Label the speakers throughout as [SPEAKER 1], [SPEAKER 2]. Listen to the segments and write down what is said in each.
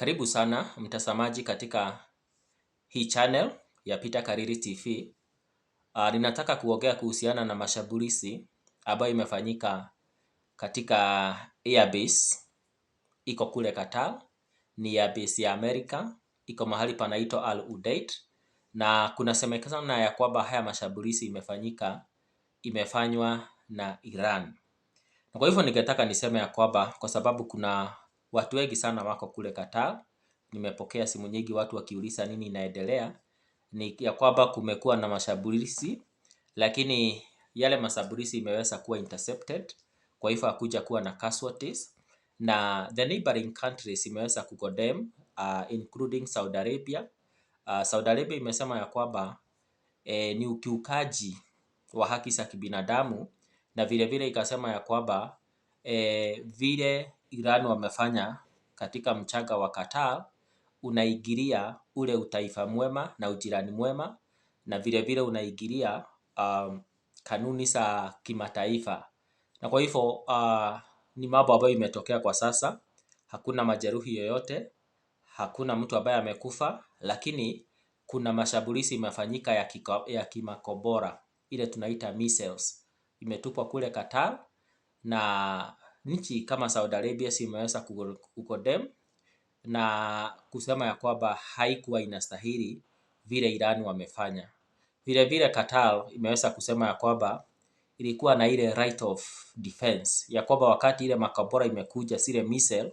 [SPEAKER 1] Karibu sana mtazamaji katika hii channel ya Peter Kariri TV. Uh, ah, ninataka kuongea kuhusiana na mashambulizi ambayo imefanyika katika airbase iko kule Qatar, ni airbase ya Amerika, iko mahali panaitwa Al Udeid, na kunasemekana ya kwamba haya mashambulizi imefanyika imefanywa na Iran. Na kwa hivyo ningetaka niseme ya kwamba kwa sababu kuna Watu wengi sana wako kule Qatar. Nimepokea simu nyingi watu wakiuliza nini inaendelea. Ni ya kwamba kumekuwa na mashambulizi lakini yale mashambulizi imeweza kuwa intercepted kwa hivyo hakuja kuwa na casualties na the neighboring countries imeweza kucondemn uh, including Saudi Arabia. Uh, Saudi Arabia imesema ya kwamba eh, ni ukiukaji wa haki za kibinadamu na vilevile ikasema ya kwamba eh, vile Iran wamefanya katika mchanga wa Qatar unaigiria ule utaifa mwema na ujirani mwema na vile vile unaigiria um, kanuni za kimataifa na kwa hivyo uh, ni mambo ambayo imetokea kwa sasa. Hakuna majeruhi yoyote, hakuna mtu ambaye amekufa, lakini kuna mashambulizi imefanyika ya, ya kimakobora ile tunaita missiles imetupwa kule Qatar na nchi kama Saudi Arabia imeweza kukodem na kusema ya kwamba haikuwa inastahili vile Iran wamefanya. Vile vile Qatar imeweza kusema ya kwamba ilikuwa na ile right of defense ya kwamba wakati ile makabora imekuja sile missile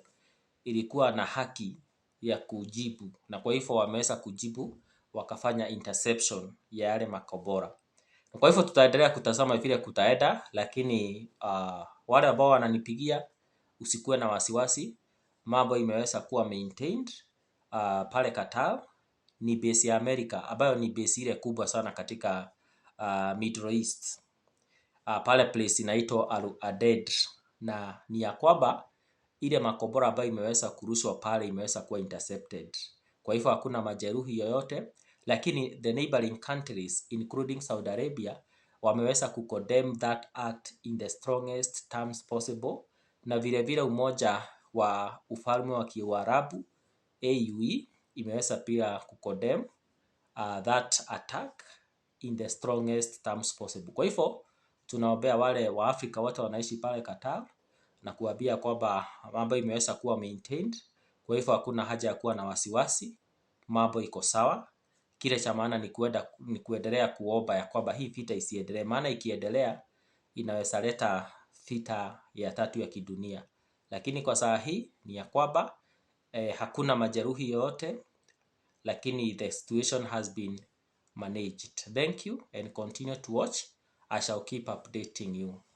[SPEAKER 1] ilikuwa na haki ya kujibu, na kwa hivyo wameweza kujibu wakafanya interception ya yale makobora. Kwa hivyo tutaendelea kutazama vile kutaenda, lakini uh, wale ambao wananipigia usikuwe na wasiwasi, mambo imeweza kuwa maintained uh, pale Qatar ni base ya America ambayo ni base ile kubwa sana katika uh, Middle East uh, pale place inaitwa Al Adad, na ni ya kwamba ile makombora ambayo imeweza kurushwa pale imeweza kuwa intercepted. Kwa hivyo hakuna majeruhi yoyote lakini the neighboring countries including Saudi Arabia wameweza kucondemn that act in the strongest terms possible, na vile vile umoja wa ufalme wa Kiarabu AUE imeweza pia kucondemn uh, that attack in the strongest terms possible. Kwa hivyo tunaombea wale wa Afrika wote wanaishi pale Qatar na kuambia kwamba mambo imeweza kuwa maintained. Kwa hivyo hakuna haja ya kuwa na wasiwasi, mambo iko sawa kile cha maana ni kuenda ni kuendelea kuomba ya kwamba hii vita isiendelee, maana ikiendelea inaweza leta vita ya tatu ya kidunia. Lakini kwa saa hii ni ya kwamba eh, hakuna majeruhi yoyote, lakini the situation has been managed. Thank you and continue to watch. I shall keep updating you.